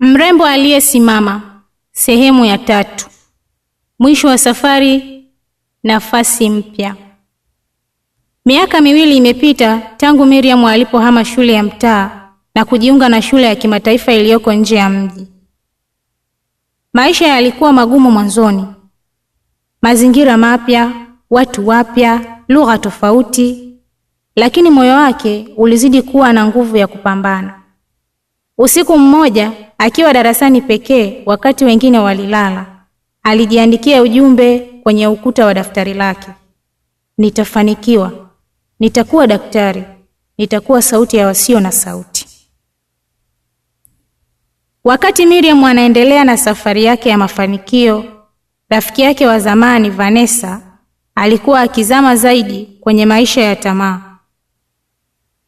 Mrembo aliyesimama sehemu ya tatu. Mwisho wa safari, nafasi mpya. Miaka miwili imepita tangu Miriam alipohama shule ya mtaa na kujiunga na shule ya kimataifa iliyoko nje ya mji. Maisha yalikuwa magumu mwanzoni, mazingira mapya, watu wapya, lugha tofauti, lakini moyo wake ulizidi kuwa na nguvu ya kupambana. Usiku mmoja akiwa darasani pekee, wakati wengine walilala, alijiandikia ujumbe kwenye ukuta wa daftari lake: nitafanikiwa, nitakuwa daktari, nitakuwa sauti ya wasio na sauti. Wakati Miriam anaendelea na safari yake ya mafanikio, rafiki yake wa zamani Vanessa alikuwa akizama zaidi kwenye maisha ya tamaa.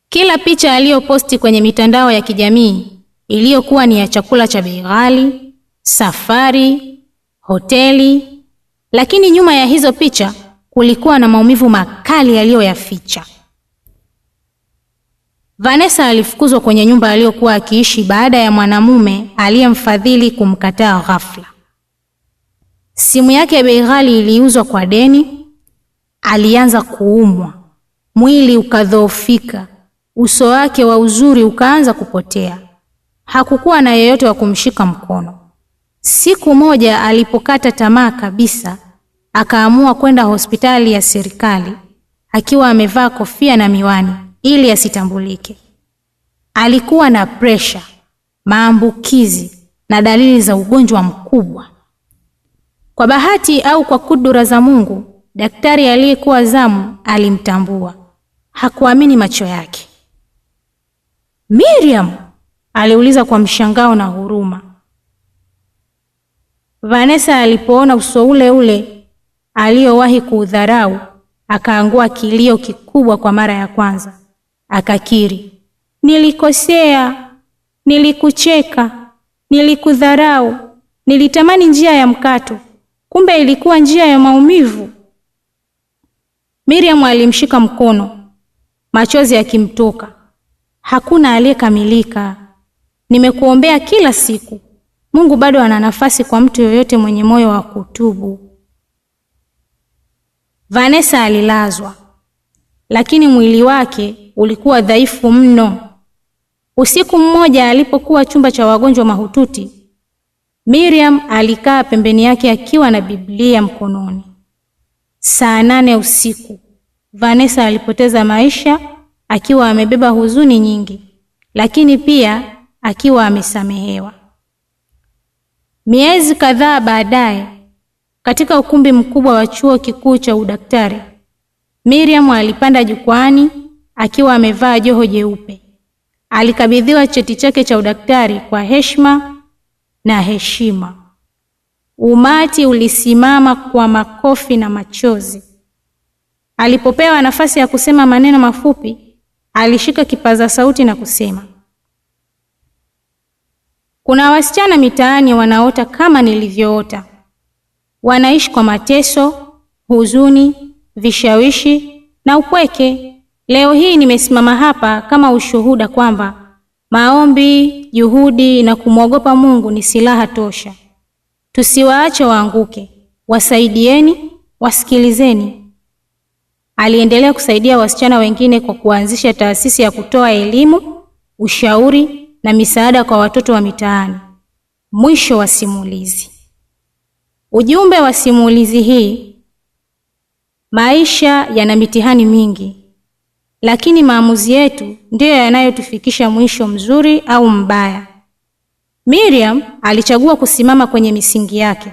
Kila picha aliyoposti kwenye mitandao ya kijamii iliyokuwa ni ya chakula cha bei ghali, safari, hoteli, lakini nyuma ya hizo picha kulikuwa na maumivu makali yaliyoyaficha. Vanessa alifukuzwa kwenye nyumba aliyokuwa akiishi baada ya mwanamume aliyemfadhili kumkataa ghafla. Simu yake ya bei ghali iliuzwa kwa deni. Alianza kuumwa, mwili ukadhoofika, uso wake wa uzuri ukaanza kupotea hakukuwa na yeyote wa kumshika mkono. Siku moja alipokata tamaa kabisa, akaamua kwenda hospitali ya serikali akiwa amevaa kofia na miwani ili asitambulike. Alikuwa na presha, maambukizi na dalili za ugonjwa mkubwa. Kwa bahati au kwa kudura za Mungu, daktari aliyekuwa zamu alimtambua. Hakuamini macho yake. Miriam aliuliza kwa mshangao na huruma. Vanessa alipoona uso ule ule aliyowahi kuudharau, akaangua kilio kikubwa kwa mara ya kwanza, akakiri, nilikosea, nilikucheka, nilikudharau, nilitamani njia ya mkato, kumbe ilikuwa njia ya maumivu. Miriam alimshika mkono, machozi yakimtoka. Hakuna aliyekamilika, Nimekuombea kila siku. Mungu bado ana nafasi kwa mtu yoyote mwenye moyo wa kutubu. Vanessa alilazwa, lakini mwili wake ulikuwa dhaifu mno. Usiku mmoja alipokuwa chumba cha wagonjwa mahututi, Miriam alikaa pembeni yake akiwa na Biblia mkononi. Saa nane usiku, Vanessa alipoteza maisha akiwa amebeba huzuni nyingi, lakini pia akiwa amesamehewa. Miezi kadhaa baadaye, katika ukumbi mkubwa wa chuo kikuu cha udaktari, Miriam alipanda jukwani akiwa amevaa joho jeupe. Alikabidhiwa cheti chake cha udaktari kwa heshima na heshima. Umati ulisimama kwa makofi na machozi. Alipopewa nafasi ya kusema maneno mafupi, alishika kipaza sauti na kusema kuna wasichana mitaani wanaota kama nilivyoota, wanaishi kwa mateso, huzuni, vishawishi na upweke. Leo hii nimesimama hapa kama ushuhuda kwamba maombi, juhudi na kumwogopa Mungu ni silaha tosha. Tusiwaache waanguke, wasaidieni, wasikilizeni. Aliendelea kusaidia wasichana wengine kwa kuanzisha taasisi ya kutoa elimu, ushauri na misaada kwa watoto wa mitaani. Mwisho wa simulizi. Ujumbe wa simulizi hii: maisha yana mitihani mingi, lakini maamuzi yetu ndiyo yanayotufikisha mwisho mzuri au mbaya. Miriam alichagua kusimama kwenye misingi yake.